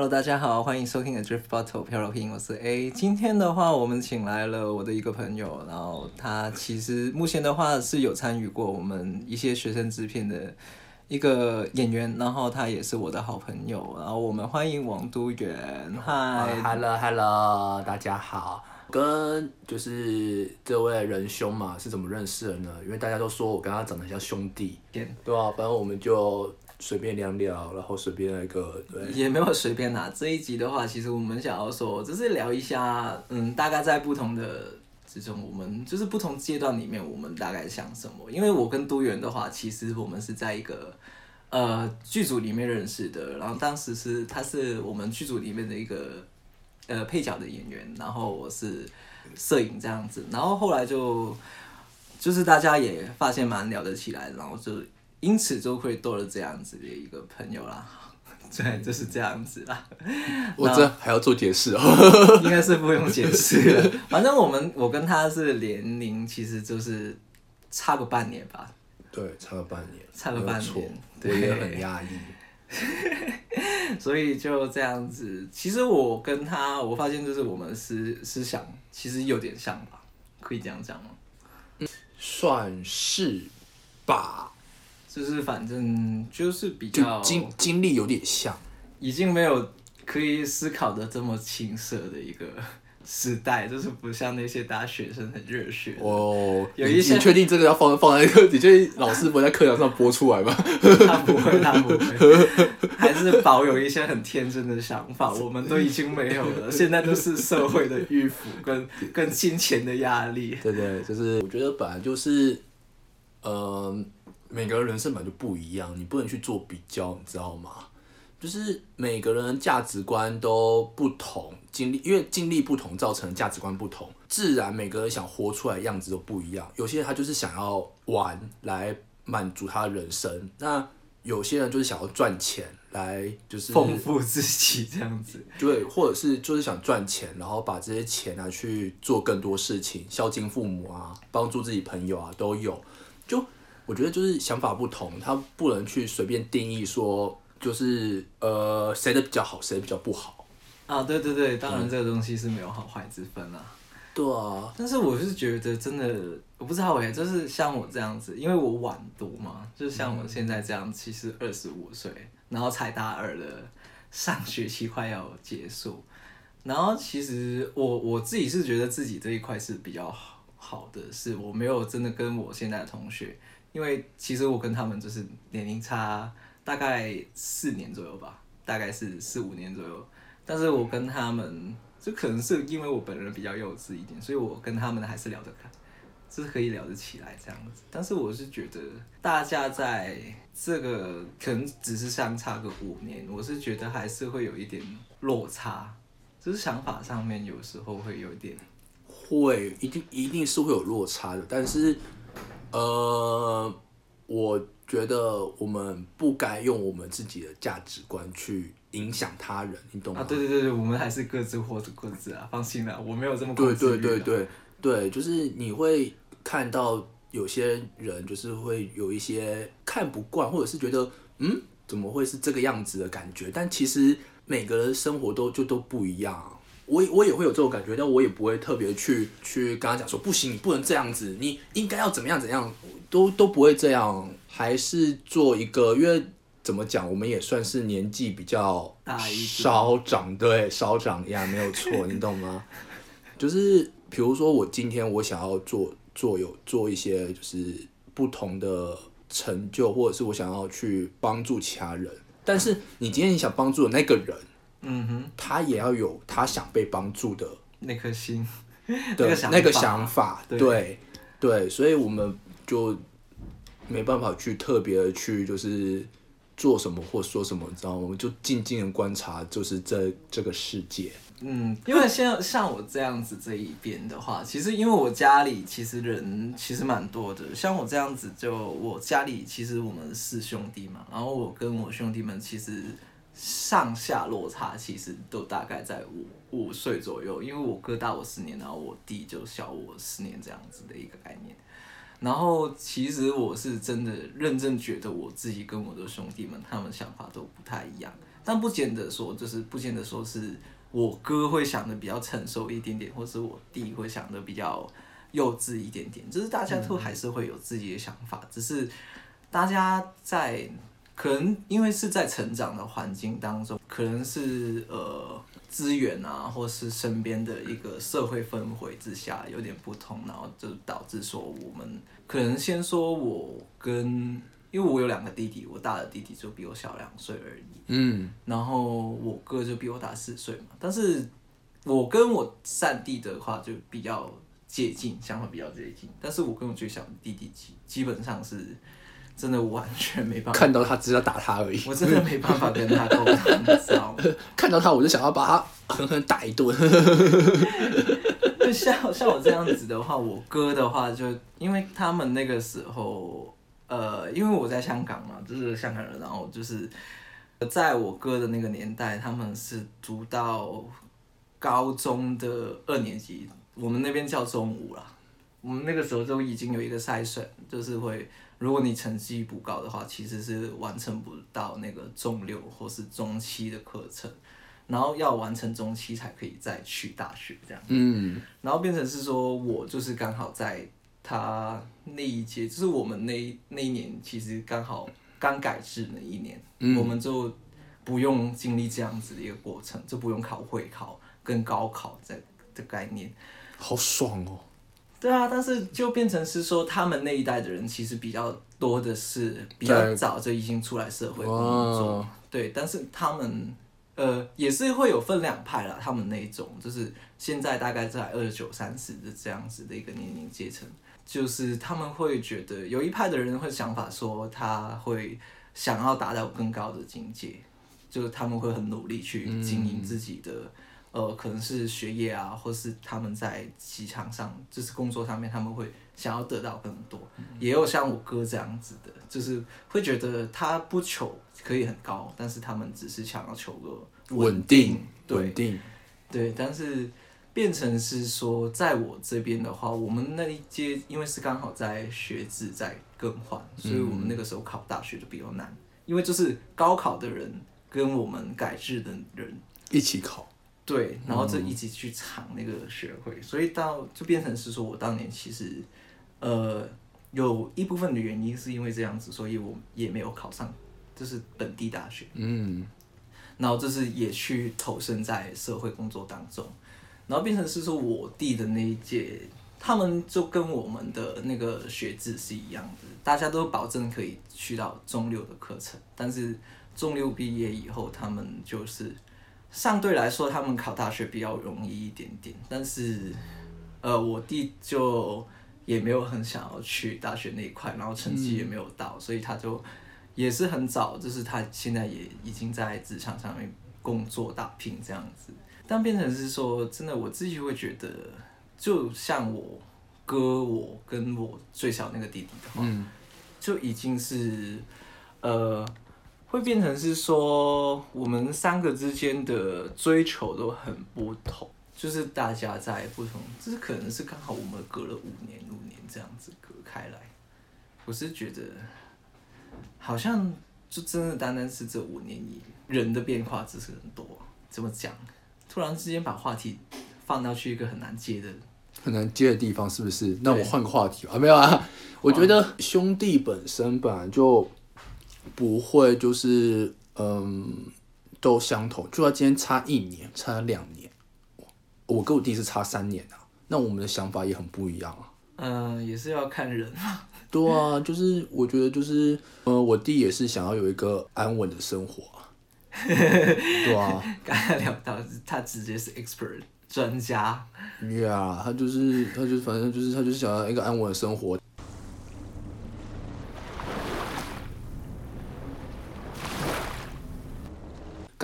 Hello，大家好，歡迎收聽的 Drift Bottle 漂流瓶，我是 A。今天的話，我們請來了我的一個朋友，然後他其實目前的話是有參與過我們一些學生制片的一個演員，然後他也是我的好朋友，然後我們歡迎黃督員，嗨、uh,，Hello Hello，大家好。跟就是這位仁兄嘛是怎麼認識的呢？因為大家都說我跟他長得像兄弟，yeah. 對吧、啊？反正我們就。隨便聊聊，然後隨便那個對。也沒有隨便拿、啊、這一集的話，其實我們想要說，就是聊一下，嗯，大概在不同的這種，我們就是不同階段裡面，我們大概想什麼。因為我跟督員的話，其實我們是在一個呃劇組裡面認識的，然後當時是他是我們劇組裡面的一個呃配角的演員，然後我是攝影這樣子，然後後來就就是大家也發現蠻聊得起來，然後就。因此就會多了這樣子的一個朋友啦，對，就是這樣子啦。 我這還要做解釋哦？ 應該是不用解釋了。反正我們我跟他是年齡，其實就是差個半年吧。對，差個半年。差個半年，有對，也很壓抑。 所以就這樣子。其實我跟他，我發現就是我們思思想，其實有點像吧？可以這樣講嗎？算是吧。就是反正就是比較經經歷有點像，已經沒有可以思考的這麼青澀的一個時代，就是不像那些大學生很熱血哦。Oh, 有一些你確定這個要放放在課、那個？你確定老師不會在課堂上播出來嗎？ 他不會，他不會，還是保有一些很天真的想法。 我們都已經沒有了，現在都是社會的迂腐跟 跟金錢的壓力。對，對對，就是我覺得本來就是，嗯、呃。每個人人生本就不一樣，你不能去做比較，你知道嗎？就是每個人價值觀都不同，經歷因為經歷不同造成價值觀不同，自然每個人想活出來的樣子都不一樣。有些人他就是想要玩來滿足他的人生，那有些人就是想要賺錢來就是豐富自己這樣子。對，或者是就是想賺錢，然後把這些錢拿去做更多事情，孝敬父母啊，幫助自己朋友啊，都有就。我覺得就是想法不同，他不能去隨便定義說，就是呃誰的比較好，誰比較不好。啊，對對對，當然這個東西是沒有好壞之分啊。對啊。但是我是覺得真的，我不知道誒，就是像我這樣子，因為我晚讀嘛，就像我現在這樣，嗯，其實二十五歲，然後才大二的，上學期快要結束，然後其實我我自己是覺得自己這一塊是比較好的，是我沒有真的跟我現在的同學。因為其實我跟他們就是年齡差大概四年左右吧，大概是四五年左右。但是我跟他們就可能是因為我本人比較幼稚一點，所以我跟他們還是聊得開，就是可以聊得起來這樣子。但是我是覺得大家在這個可能只是相差個五年，我是覺得還是會有一點落差，就是想法上面有時候會有一點，會一定一定是會有落差的，但是。呃，我覺得我們不該用我們自己的價值觀去影響他人，你懂嗎？對、啊、對對對，我們還是各自活著各自啊，放心了、啊，我沒有這麼。對對對對對，就是你會看到有些人就是會有一些看不慣，或者是覺得嗯，怎麼會是這個樣子的感覺？但其實每個人生活都就都不一樣、啊。我我也會有這種感覺，但我也不會特別去去跟他講說不行，你不能這樣子，你應該要怎麼樣怎樣，都都不會這樣，還是做一個，因為怎麼講，我們也算是年紀比較大一稍長，對稍長呀，沒有錯， 你懂嗎？就是比如說我今天我想要做做有做一些就是不同的成就，或者是我想要去幫助其他人，但是你今天你想幫助的那個人。嗯哼，他也要有他想被幫助的那顆心的， 那個想法，對對，對，所以我們就沒辦法去特別去就是做什麼或說什麼，你知道嗎？我們就靜靜的觀察，就是這這個世界。嗯，因為像像我這樣子這一邊的話，其實因為我家裡其實人其實蠻多的，像我這樣子就我家裡其實我們是兄弟嘛，然後我跟我兄弟們其實。上下落差其實都大概在五五歲左右，因為我哥大我十年，然後我弟就小我十年這樣子的一個概念。然後其實我是真的認真覺得我自己跟我的兄弟們他們想法都不太一樣，但不見得說就是不見得說是我哥會想得比較成熟一點點，或是我弟會想得比較幼稚一點點，就是大家都還是會有自己的想法，嗯、只是大家在。可能因為是在成長的環境當中，可能是呃資源啊，或是身邊的一個社會氛圍之下有點不同，然後就導致說我們可能先說我跟，因為我有兩個弟弟，我大的弟弟就比我小兩歲而已，嗯，然後我哥就比我大四歲嘛，但是我跟我三弟的話就比較接近，想法比較接近，但是我跟我最小的弟弟基基本上是。真的完全沒辦法看到他，只要打他而已。 我真的沒辦法跟他溝通，你知道嗎？看到他，我就想要把他狠狠打一頓。 就像像我這樣子的話，我哥的話就，就因為他們那個時候，呃，因為我在香港嘛，就是香港人，然後就是，在我哥的那個年代，他們是讀到高中的二年級，我們那邊叫中五啦。我們那個時候都已經有一個篩選，就是會。如果你成績不高的話，其實是完成不到那個中六或是中七的課程，然後要完成中七才可以再去大學這樣。嗯，然後變成是說，我就是剛好在他那一屆，就是我們那那一年，其實剛好剛改制那一年，嗯，我們就不用經歷這樣子的一個過程，就不用考會考跟高考在這概念，好爽哦。對啊，但是就變成是說，他們那一代的人其實比較多的是比較早就已經出來社會工作，對。但是他們呃也是會有分兩派了，他們那一種就是現在大概在二九三十的這樣子的一個年齡階層，就是他們會覺得有一派的人會想法說，他會想要達到更高的境界，就是他們會很努力去經營自己的。嗯呃，可能是學業啊，或是他們在職場上，就是工作上面，他們會想要得到更多、嗯。也有像我哥這樣子的，就是會覺得他不求可以很高，但是他們只是想要求個穩定，穩定，穩定。對，但是變成是說，在我這邊的話，我們那一屆因為是剛好在學制在更換，所以我們那個時候考大學就比較難、嗯，因為就是高考的人跟我們改制的人一起考。對，然後就一直去闖那個學會，嗯、所以到就變成是說，我當年其實，呃，有一部分的原因是因為這樣子，所以我也沒有考上，就是本地大學。嗯，然後就是也去投身在社會工作當中，然後變成是說，我弟的那一屆，他們就跟我們的那個學制是一樣的，大家都保證可以去到中六的課程，但是中六畢業以後，他們就是。相對來說，他們考大學比較容易一點點，但是，呃，我弟就也沒有很想要去大學那一塊，然後成績也沒有到、嗯，所以他就也是很早，就是他現在也已經在職場上面工作打拼這樣子。但變成是說，真的我自己會覺得，就像我哥、我跟我最小那個弟弟的話、嗯，就已經是，呃。會變成是說，我們三個之間的追求都很不同，就是大家在不同，這是可能是剛好我們隔了五年，五年這樣子隔開來，我是覺得，好像就真的單單是這五年，人的變化只是很多。怎麼講，突然之間把話題放到去一個很難接的、很難接的地方，是不是？那我換個話題吧。啊，沒有啊，我覺得兄弟本身本來就。不會，就是嗯，都相同，就他今天差一年，差兩年，我跟我弟是差三年啊，那我們的想法也很不一樣啊。嗯，也是要看人啊。對啊，就是我覺得就是呃、 嗯，我弟也是想要有一個安穩的生活。 對啊。剛才聊到他直接是 expert 專家。對、yeah, 啊、就是，他就是他就是反正就是他就是想要一個安穩的生活。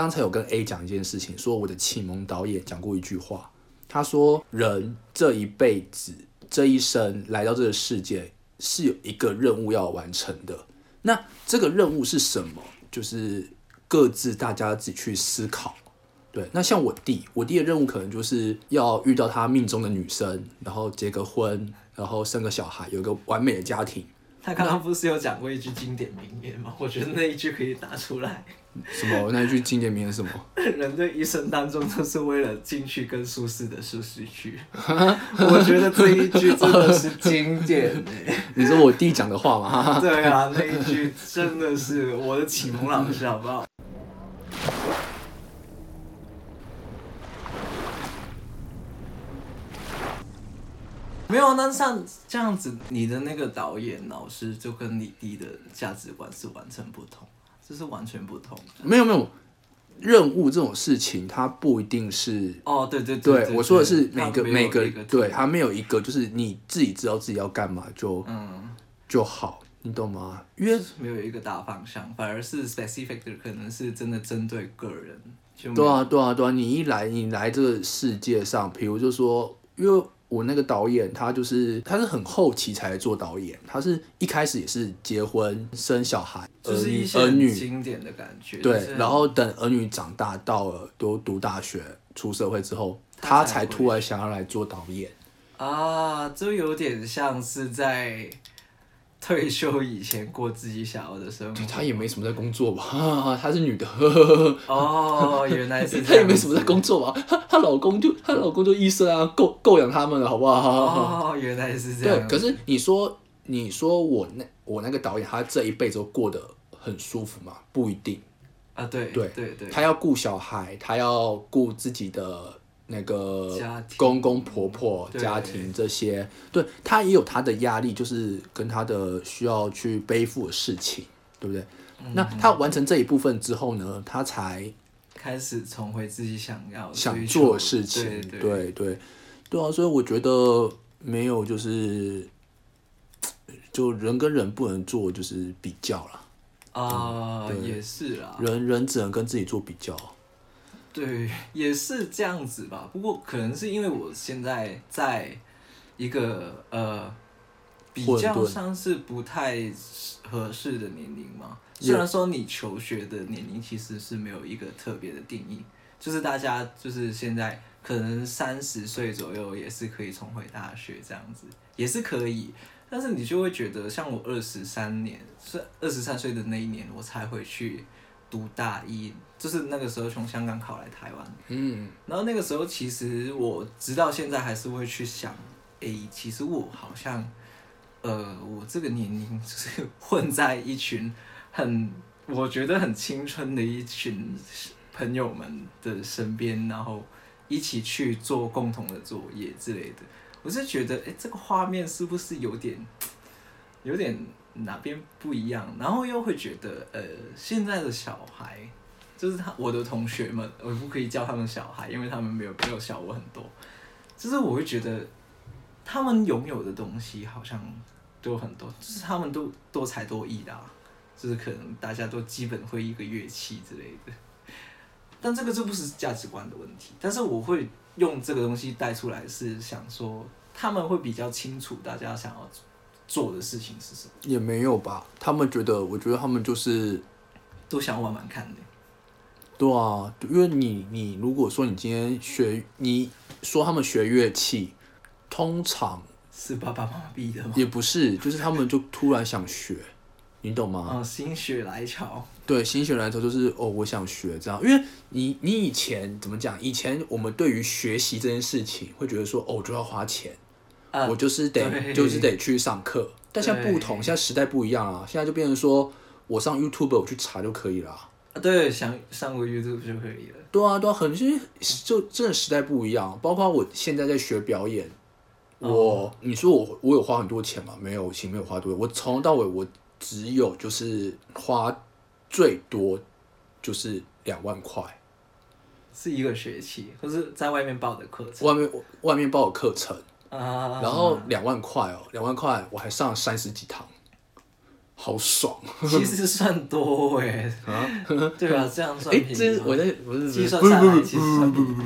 剛才有跟 A 講一件事情，說我的啟蒙導演講過一句話，他說人這一輩子、這一生來到這個世界是有一個任務要完成的。那這個任務是什麼？就是各自大家自己去思考。對，那像我弟，我弟的任務可能就是要遇到他命中的女生，然後結個婚，然後生個小孩，有一個完美的家庭。他剛剛不是有講過一句經典名言嗎？我覺得那一句可以打出來。什麼？那一句經典名言是什麼？ 人的一生當中，就是為了進去更舒適的舒適區。啊、 我覺得這一句真的是經典誒、欸。你說我弟講的話嗎？ 對啊，那一句真的是我的啟蒙老師，好不好？沒有，那像這樣子，你的那個導演老師就跟你弟的價值觀是完全不同，這、就是完全不同。沒有沒有，任務這種事情，他不一定是哦，對對對對對，對對對，我說的是每個它每個，它個對他沒有一個就是你自己知道自己要幹嘛就嗯，就好，你懂嗎？因為、就是、沒有一個大方向，反而是 specific 的，可能是真的針對個人。就對啊對啊對啊，你一來你來這個世界上，譬如，就說因為我那個導演，他就是他是很後期才做導演，他是一開始也是結婚生小孩兒女，就是一些很經典的感覺。對，然後等兒女長大到了都讀大學出社會之後，他才突然想要來做導演。啊，就有點像是在。退休以前過自己想要的生活。對，她也沒什麼在工作吧？她、啊、是女的。 哦，原來是。她也沒什麼在工作吧？她她老公就她老公就醫生啊，夠夠養他們了，好不好？哦，原來是這樣。對，可是你說你說我那我那個導演，他這一輩子都過得很舒服嘛？不一定啊。對對,對對對，他要顧小孩，他要顧自己的。那個公公婆婆家庭這些，對他也有他的壓力，就是跟他的需要去背負的事情，對不對？那他完成這一部分之後呢，他才開始重回自己想要想做的事情，對對對對啊！所以我覺得沒有就是，就人跟人不能做就是比較了啊，對，也是啦，人人只能跟自己做比較。對，也是這樣子吧。不過可能是因為我現在在一個呃比較像是不太合適的年齡嘛。雖然說你求學的年齡其實是沒有一個特別的定義，就是大家就是現在可能三十歲左右也是可以重回大學這樣子，也是可以。但是你就會覺得，像我二十三年是二十三歲的那一年我才會去。讀大一，就是那個時候從香港考來台灣，嗯，然後那個時候其實我直到現在還是會去想，誒、欸，其實我好像，呃，我這個年齡就是混在一群很我覺得很青春的一群朋友們的身邊，然後一起去做共同的作業之類的，我是覺得，哎、欸，這個畫面是不是有點，有點。哪邊不一樣，然後又會覺得，呃，現在的小孩，就是他，我的同學們，我不可以叫他們小孩，因為他們沒有沒有小我很多，就是我會覺得，他們擁有的東西好像都很多，就是他們都多才多藝啦、啊,就是可能大家都基本會一個樂器之類的，但這個就不是價值觀的問題，但是我會用這個東西帶出來，是想說他們會比較清楚大家想要。做的事情是什麼？也沒有吧，他們覺得，我覺得他們就是都想玩玩看的。對啊，因為你你如果說你今天學，你說他們學樂器，通常是爸爸媽媽逼的嗎？也不是，就是他們就突然想學，你懂嗎？啊，心血來潮。對，心血來潮就是哦，我想學這樣，因為你你以前怎麼講？以前我們對於學習這件事情會覺得說，哦，就要花錢。啊、我就是得，就是得去上課。但現在不同，現在時代不一樣啊，現在就變成說，我上 YouTube 我去查就可以了、啊。對，想上個 YouTube 就可以了。對啊，對啊，很多就，就真的時代不一樣。包括我現在在學表演，我、嗯、你說我我有花很多錢嗎？沒有，我其實沒有花多。我從頭到尾，我只有就是花最多就是兩萬塊，是一個學期，是在外面報的課程。外面外面報的課程。然後兩萬塊哦，兩萬塊，我還上了三十幾堂，好爽。其實算多哎？欸，啊，對吧？啊？這樣算哎，這我在不是計算下來、嗯、其實算便宜、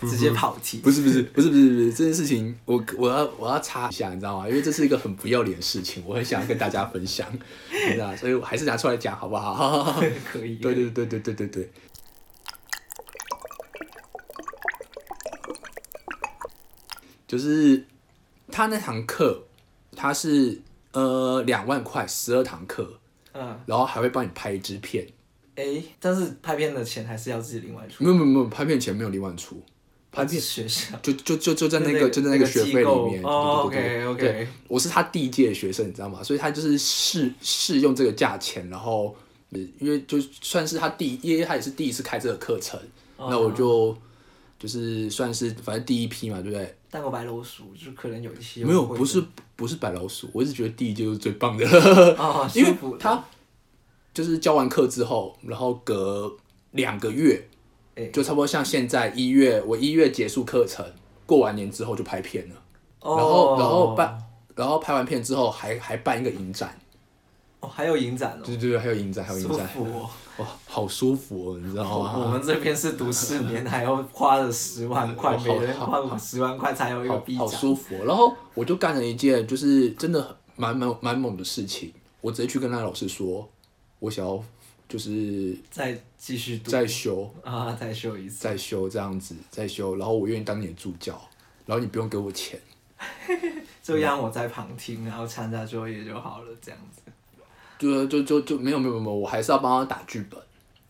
嗯、直接跑題。不是不是不是不是不是，不是 這件事情我，我我要我要插一下，你知道嗎？因為這是一個很不要臉的事情，我很想要跟大家分享， 所以我還是拿出來講，好不好？ 可以。對對對對對對對，對。就是他那堂課，他是呃兩萬塊，十二堂課，嗯，然後還會幫你拍一支片，誒，但是拍片的錢還是要自己另外出。沒有沒有沒有，拍片錢沒有另外出，拍片學校就就就就在那個、就是那個、就在那個學費裡面。O K O K，我是他第一屆的學生，你知道嗎？所以他就是試試用這個價錢，然後是因為就算是他第一，因為他也是第一次開這個課程，哦、那我就、哦、就是算是反正第一批嘛，對不對？當過白老鼠，就是可能有一些。沒有，不是不是白老鼠，我一直覺得第一就是最棒的。 哦，因為他就是教完課之後，然後隔兩個月，哎，就差不多像現在一月，我一月結束課程，過完年之後就拍片了。哦。然後然後辦，然後拍完片之後還，還還辦一個影展。哦，還有影展哦！對對對，還有影展，還有影展。舒服哇、哦哦，好舒服哦，你知道嗎？哦、我們這邊是讀四年， 還要花了十萬塊，花了十萬塊才有一個 B。好舒服、哦！然後我就幹了一件就是真的蠻蠻蠻猛的事情，我直接去跟那個老師說，我想要就是再繼續讀再修啊，再修一次，再修這樣子，再修。然後我願意當你的助教，然後你不用給我錢， 這樣我在旁聽，嗯、然後參加作業就好了，這樣子。就就就就沒有沒有沒有，我還是要幫他打劇本。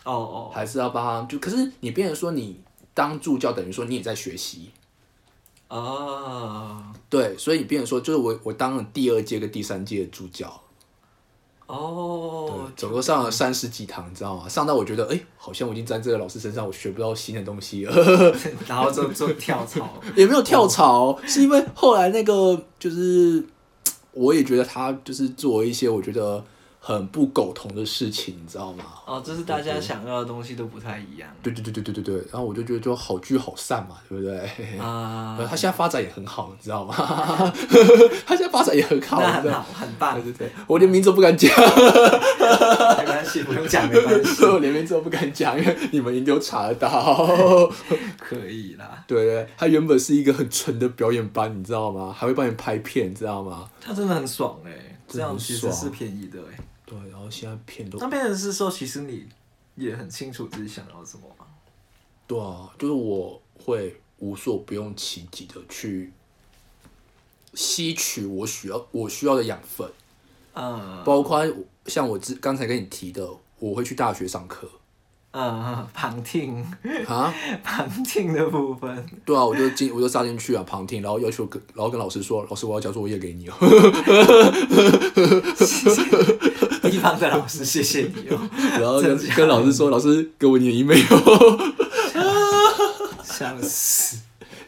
哦哦，還是要幫他就。可是你變成說你當助教等於說你也在學習啊。Oh. 對，所以你變成說就是我我當了第二屆跟第三屆的助教。哦、oh, oh.，整個上了三十幾堂，你知道嗎？上到我覺得哎、欸，好像我已經在這個老師身上我學不到新的東西了， 然後就就跳槽。 也沒有跳槽，oh. 是因為後來那個就是我也覺得他就是做一些我覺得。很不苟同的事情，你知道嗎？哦，這是大家想要的東西都不太一樣。對對對對對對對，然後我就覺得就好聚好散嘛，對不對？啊、嗯。他現在發展也很好，你知道嗎？他 現在發展也很好。那很好，很棒。對對對。我連名字都不敢講。 沒關係係， 不用講，沒關係。 我連名字都不敢講，因為你們一定都查得到。 可以啦。對對，他原本是一個很純的表演班，你知道嗎？還會幫你拍片，你知道嗎？他真的很爽哎、欸，這樣其實是便宜的哎、欸。對，然後現在片都那變成是說，其實你也很清楚自己想要什麼嗎？對啊，就是我會無所不用其極的去吸取我需要我需要的養分啊、嗯，包括像我之剛才跟你提的，我會去大學上課，嗯，旁聽啊，旁聽的部分。對啊，我就進我就殺進去啊，旁聽，然後要求跟然後跟老師說，老師我要交作業給你。 一般的老師，謝謝你哦。 然後跟跟老師說：“老師，給我念一遍哦。”笑死！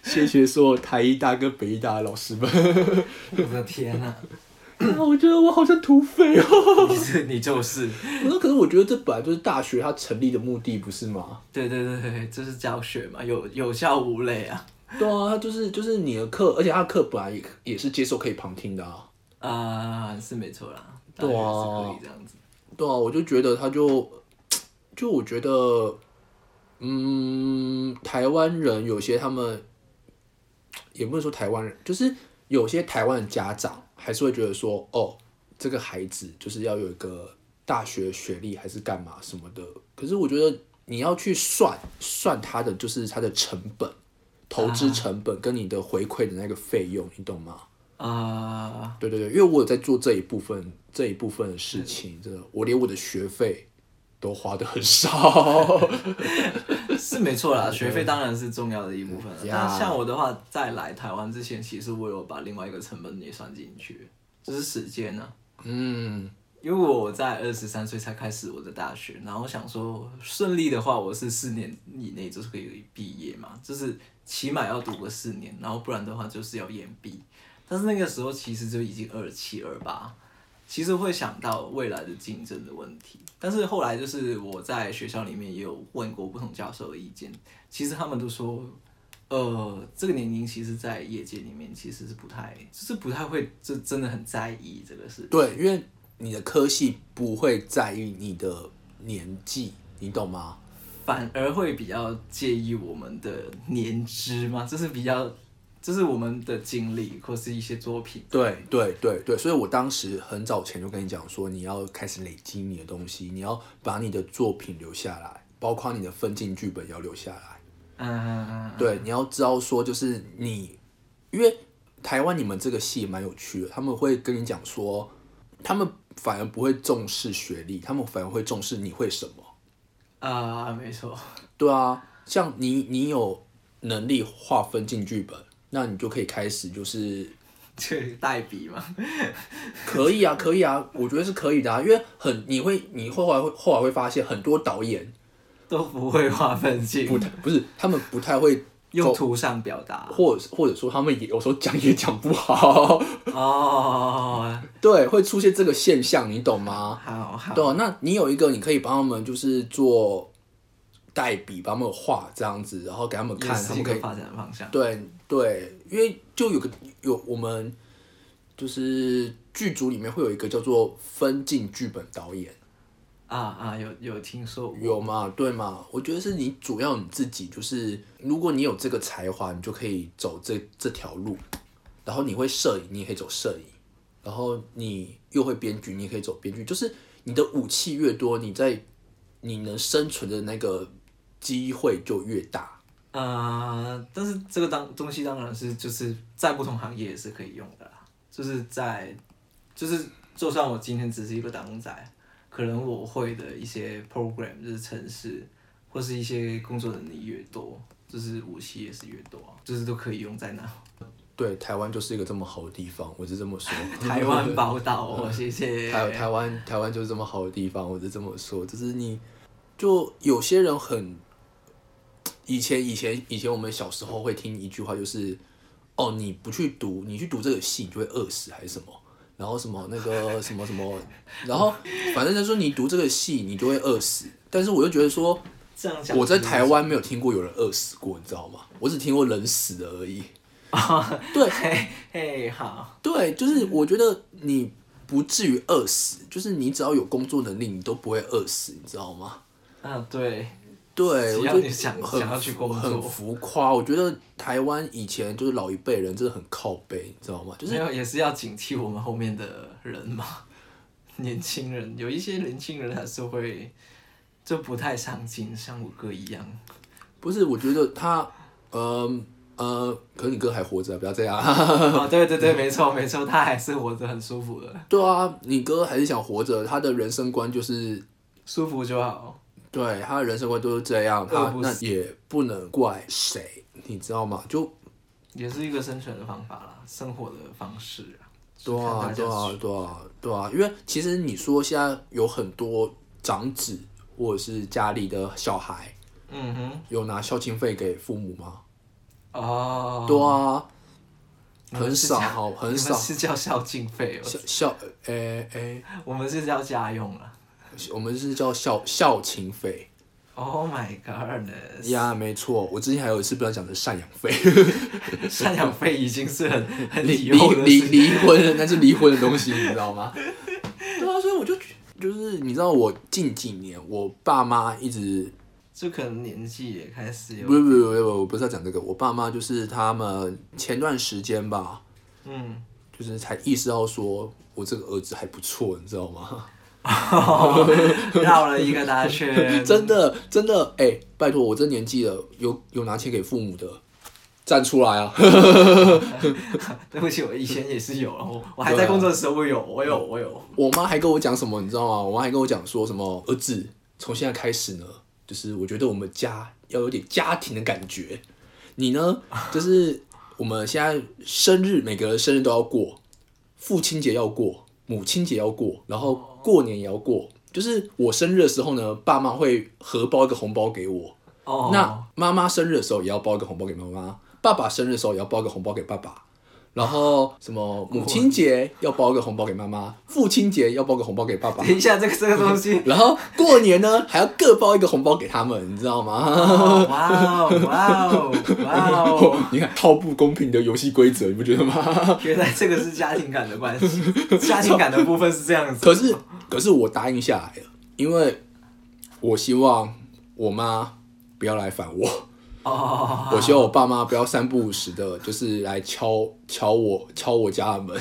謝謝所有台醫大跟北醫大的老師們。 我的天啊, 啊，我覺得我好像土匪哦。 你是，你就是。那可是我覺得這本來就是大學它成立的目的，不是嗎？對對對對，這、就是教學嘛，有有教無類啊。對啊，就是就是你的課，而且他的課本來也也是接受可以旁聽的啊。啊、呃，是沒錯啦。對啊，對啊，我就覺得他就，就我覺得，嗯，台灣人有些他們，也不能說台灣人，就是有些台灣的家長還是會覺得說，哦，這個孩子就是要有一個大學學歷還是幹嘛什麼的。可是我覺得你要去算算他的就是他的成本、投資成本跟你的回饋的那個費用，你懂嗎？啊、uh，對對對，因為我有在做這一部分這一部分的事情，真的，我連我的學費都花的很少， 是沒錯啦，學費當然是重要的一部分啦。但像我的話，在來台灣之前，其實我有把另外一個成本也算進去，就是時間呢，啊。嗯，因為我在二十三歲才開始我的大學，然後想說順利的話，我是四年以內就是可以畢業嘛，就是起碼要讀個四年，然後不然的話就是要延畢。但是那個時候其實就已經二七二八，其實會想到未來的競爭的問題。但是後來就是我在學校裡面也有問過不同教授的意見，其實他們都說，呃，這個年齡其實，在業界裡面其實是不太，就是不太會，就真的很在意這個事情。對，因為你的科系不會在意你的年紀，你懂嗎？反而會比較介意我們的年資嗎？就是比較。這是我們的經歷，或是一些作品。對對對對，對，所以我當時很早前就跟你講說，你要開始累積你的東西，你要把你的作品留下來，包括你的分鏡劇本要留下來。嗯嗯嗯。對，你要知道說，就是你，因為台灣你們這個戲蠻有趣的，他們會跟你講說，他們反而不會重視學歷，他們反而會重視你會什麼。啊、嗯，沒錯。對啊，像你，你有能力畫分鏡劇本。那你就可以開始就是去代筆嘛？可以啊，可以啊，我覺得是可以的啊，因為很你會，你後來會後來會發現很多導演都不會畫分鏡，不太，不是他們不太會用圖上表達，或者或者說他們也有時候講也講不好哦。對，會出現這個現象，你懂嗎？好，對啊，那你有一個，你可以幫他們就是做代筆，幫他們畫這樣子，然後給他們看，他們可以發展的方向。對。對，因為就有個有我們就是劇組裡面會有一個叫做分鏡劇本導演啊，啊，有有聽說過有嗎？對嗎？我覺得是你主要你自己就是，如果你有這個才華，你就可以走這這條路。然後你會攝影，你也可以走攝影；然後你又會編劇，你也可以走編劇。就是你的武器越多，你在你能生存的那個機會就越大。呃，但是這個當東西當然是就是在不同行業也是可以用的啦，就是在，就是就算我今天只是一個打工仔，可能我會的一些 program 就是程式，或是一些工作能力越多，就是武器也是越多，就是都可以用在那。對，台灣就是一個這麼好的地方，我是這麼說。 台灣寶島、 嗯，謝謝。台台灣台灣就是這麼好的地方，我是這麼說，就是你，就有些人很。以前以前以前，以前以前我們小時候會聽一句話，就是哦，你不去讀，你去讀這個戲，你就會餓死還是什麼？然後什麼那個什麼什麼， 然後反正就是說你讀這個戲，你就會餓死。但是我就覺得說，我在台灣沒有聽過有人餓死過，你知道嗎？我只聽過人死了而已。 對，嘿、 hey, hey, 好，對，就是我覺得你不至於餓死，就是你只要有工作能力，你都不會餓死，你知道嗎？嗯，對。對，要你想，我就想要去工作，很浮誇。我覺得台灣以前就是老一輩人真的很靠北，你知道嗎？就是也是要警惕我們後面的人嘛。年輕人有一些年輕人還是會就不太上進，像我哥一樣。不是，我覺得他，嗯呃、呃，可是你哥還活着，不要這樣。哈、 哦，對對對， 沒錯沒錯，他還是活着很舒服的。對啊，你哥還是想活着，他的人生觀就是舒服就好。對他的人生觀都是這樣，他那也不能怪誰，你知道嗎？就也是一個生存的方法啦，生活的方式啊，對啊，對啊，對啊，對啊，因為其實你說現在有很多長子或者是家裡的小孩，嗯哼，有拿孝敬費給父母嗎？哦，對啊，很少，很少是叫孝敬費哦，孝孝，哎、欸、哎、欸，我們是叫家用了、啊。我們是叫孝孝親費。Oh my goodness 呀，yeah, 沒錯，我之前還有一次不，不知道講是贍養費，贍養費已經是很很離離離離婚，那是離婚的東西， 你知道嗎？對啊，所以我就就是你知道，我近幾年我爸媽一直就可能年紀也開始有不不，不不不不，我不是要講這個，我爸媽就是他們前段時間吧，嗯，就是才意識到說我這個兒子還不錯，你知道嗎？繞 了一個大圈，真 的真的，哎、欸，拜託，我這年紀了，有有拿錢給父母的，站出來啊！ 對不起，我以前也是有，然後我還在工作的時候我、啊，我有，我有，我有。我媽還跟我講什麼，你知道嗎？我媽還跟我講說，什麼兒子，從現在開始呢，就是我覺得我們家要有點家庭的感覺。你呢， 就是我們現在生日，每個生日都要過，父親節要過。母親節要過，然後過年也要過。就是我生日的時候呢，爸媽會合包一個紅包給我。Oh. 那媽媽生日的時候也要包一個紅包給媽媽，爸爸生日的時候也要包一個紅包給爸爸。然後什麼母親節要包一個紅包給媽媽，父親節要包一個紅包給爸爸。等一下，這個這個東西。然後過年呢，還要各包一個紅包給他們，你知道嗎？哇哦，哇哦，哇哦！你看，超不公平的遊戲規則，你不覺得嗎？原來這個是家庭感的關係，家庭感的部分是這樣子。可是，可是我答應下來了，因為我希望我媽不要來煩我。哦，我希望我爸媽不要三不五時的，就是來敲敲我敲我家的門。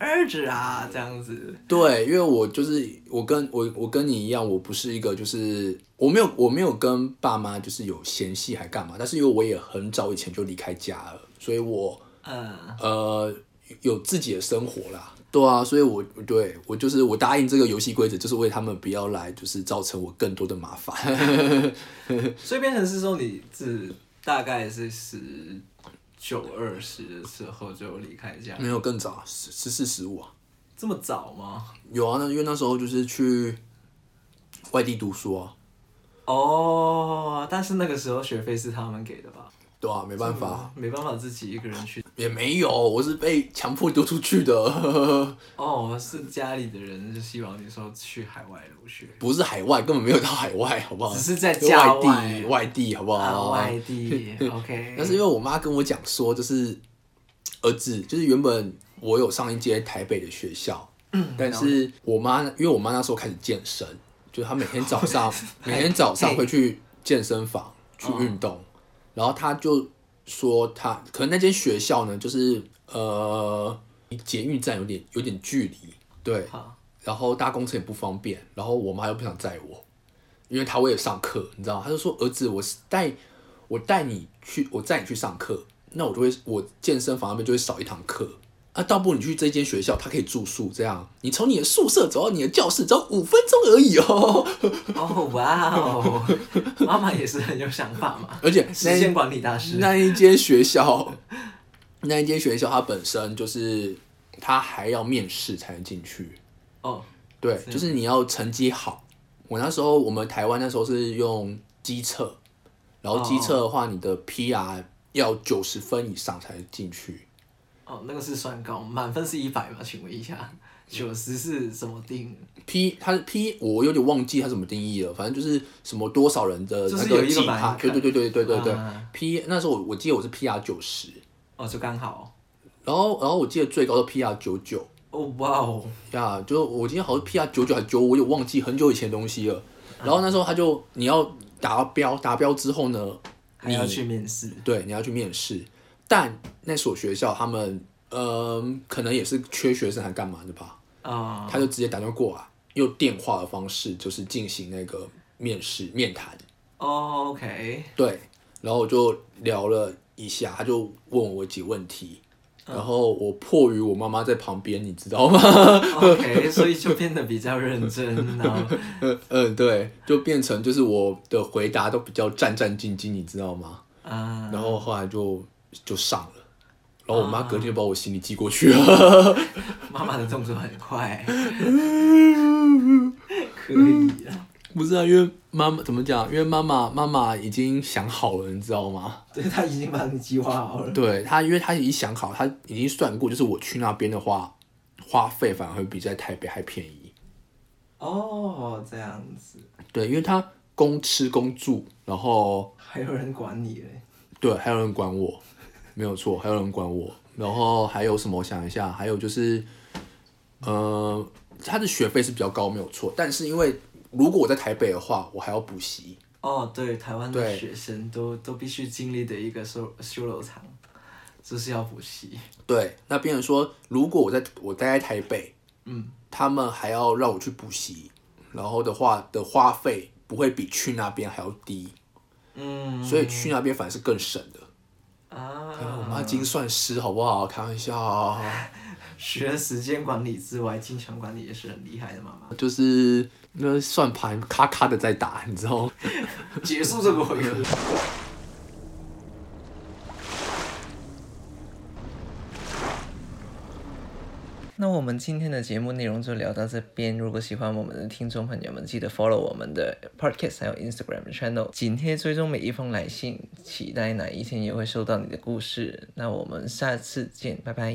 兒子啊，這樣子。對，因為我就是我跟我我跟你一樣，我不是一個就是我沒有我沒有跟爸媽就是有嫌隙還幹嘛？但是因為我也很早以前就離開家了，所以我嗯呃有自己的生活啦。對啊，所以我對我就是我答應這個遊戲規則，就是為他們不要來，就是造成我更多的麻煩。 所以變成是說，你自大概是十九二十的時候就離開家，沒有更早，十十四十五啊，這麼早嗎？有啊，那因為那時候就是去外地讀書啊。哦，但是那個時候學費是他們給的吧？對啊，沒辦法，沒辦法自己一個人去。也沒有，我是被強迫丟出去的。哦，我們是家裡的人就希望你說去海外留學，不是海外，根本沒有到海外，好不好？只是在外地，外地，外地，好不好？啊、外地，OK 。但是因為我媽跟我講說，就是兒子，就是原本我有上一間台北的學校，嗯、但是我媽因為我媽那時候開始健身，就是她每天早上、 欸、每天早上會去健身房、欸、去運動、嗯，然後她就。說他可能那間學校呢，就是呃離捷運站有點有點距離，對，然後搭公車也不方便，然後我媽又不想載我，因為她為了上課，你知道嗎？她就說：“兒子，我帶我帶你去，我帶你去上課，那我就會我健身房那邊就會少一堂課。”啊，倒不如，你去這間學校，他可以住宿，這樣你從你的宿舍走到你的教室，走五分鐘而已哦。哦，哇哦，媽媽也是很有想法嘛。而且時間管理大師那一間學校，那一間學校它本身就是，它還要面試才能進去。哦、oh，對，就是你要成績好。我那時候我們台灣那時候是用基測，然後基測的話，oh. 你的 PR 要九十分以上才能進去。哦、那個是算高，滿分是一百嘛？請問一下，九十是怎麼定？P，它是 P，我有點忘記它怎麼定義了。反正就是什麼多少人的就那個計派、就是啊，對對對對對對對。啊、P，那時候我我記得我是 P R 九十，哦，就剛好。然後然後我記得最高的 P R 九九，哦哇哦呀、嗯，就我今天好像 P R 九九還九五，我有忘記很久以前的東西了、啊。然後那時候他就你要達標，達標之後呢，還要去面試。對，你要去面試。但那所學校，他們嗯、呃、可能也是缺學生，還幹嘛的吧？Uh, 他就直接打電話過來，用電話的方式，就是進行那個面試、面談。哦、oh, OK。對，然後我就聊了一下，他就問我幾個問題，uh, 然後我迫於我媽媽在旁邊，你知道嗎 ？OK，所以就變得比較認真， 然後 嗯，對，就變成就是我的回答都比較戰戰兢兢，你知道嗎？Uh, 然後後來就。就上了，然後我媽隔天就把我行李寄過去了。啊、 媽媽的動作很快， 可以了。不是啊，因為媽媽怎麼講？因為媽媽媽媽已經想好了，你知道嗎？對，她已經把你計劃好了。對她，因為她已經想好，她已經算過，就是我去那邊的話，花費反而會比在台北還便宜。哦，這樣子。對，因為她供吃供住，然後還有人管你嘞。對，還有人管我。沒有錯，還有人管我。然後還有什麼？我想一下，還有就是，呃，他的學費是比較高，沒有錯。但是因為如果我在台北的話，我還要補習。哦，對，臺灣的學生都都必須經歷的一個修修羅場，就是要補習。對，那變成說，如果我在我待在台北，嗯，他們還要讓我去補習，然後的話的花費不會比去那邊還要低，嗯，所以去那邊反而是更省的。啊！我媽精算師好不好？開玩笑哦，學時間管理之外，金錢管理也是很厲害的媽媽。就是那算盤咔咔的在打，你知道嗎？ 結束這個回合。 那我們今天的節目內容就聊到這邊。如果喜歡我們的聽眾朋友們，記得 follow 我們的 podcast 還有 Instagram channel，緊貼追蹤每一封來信，期待哪一天也會收到你的故事。那我們下次見，拜拜！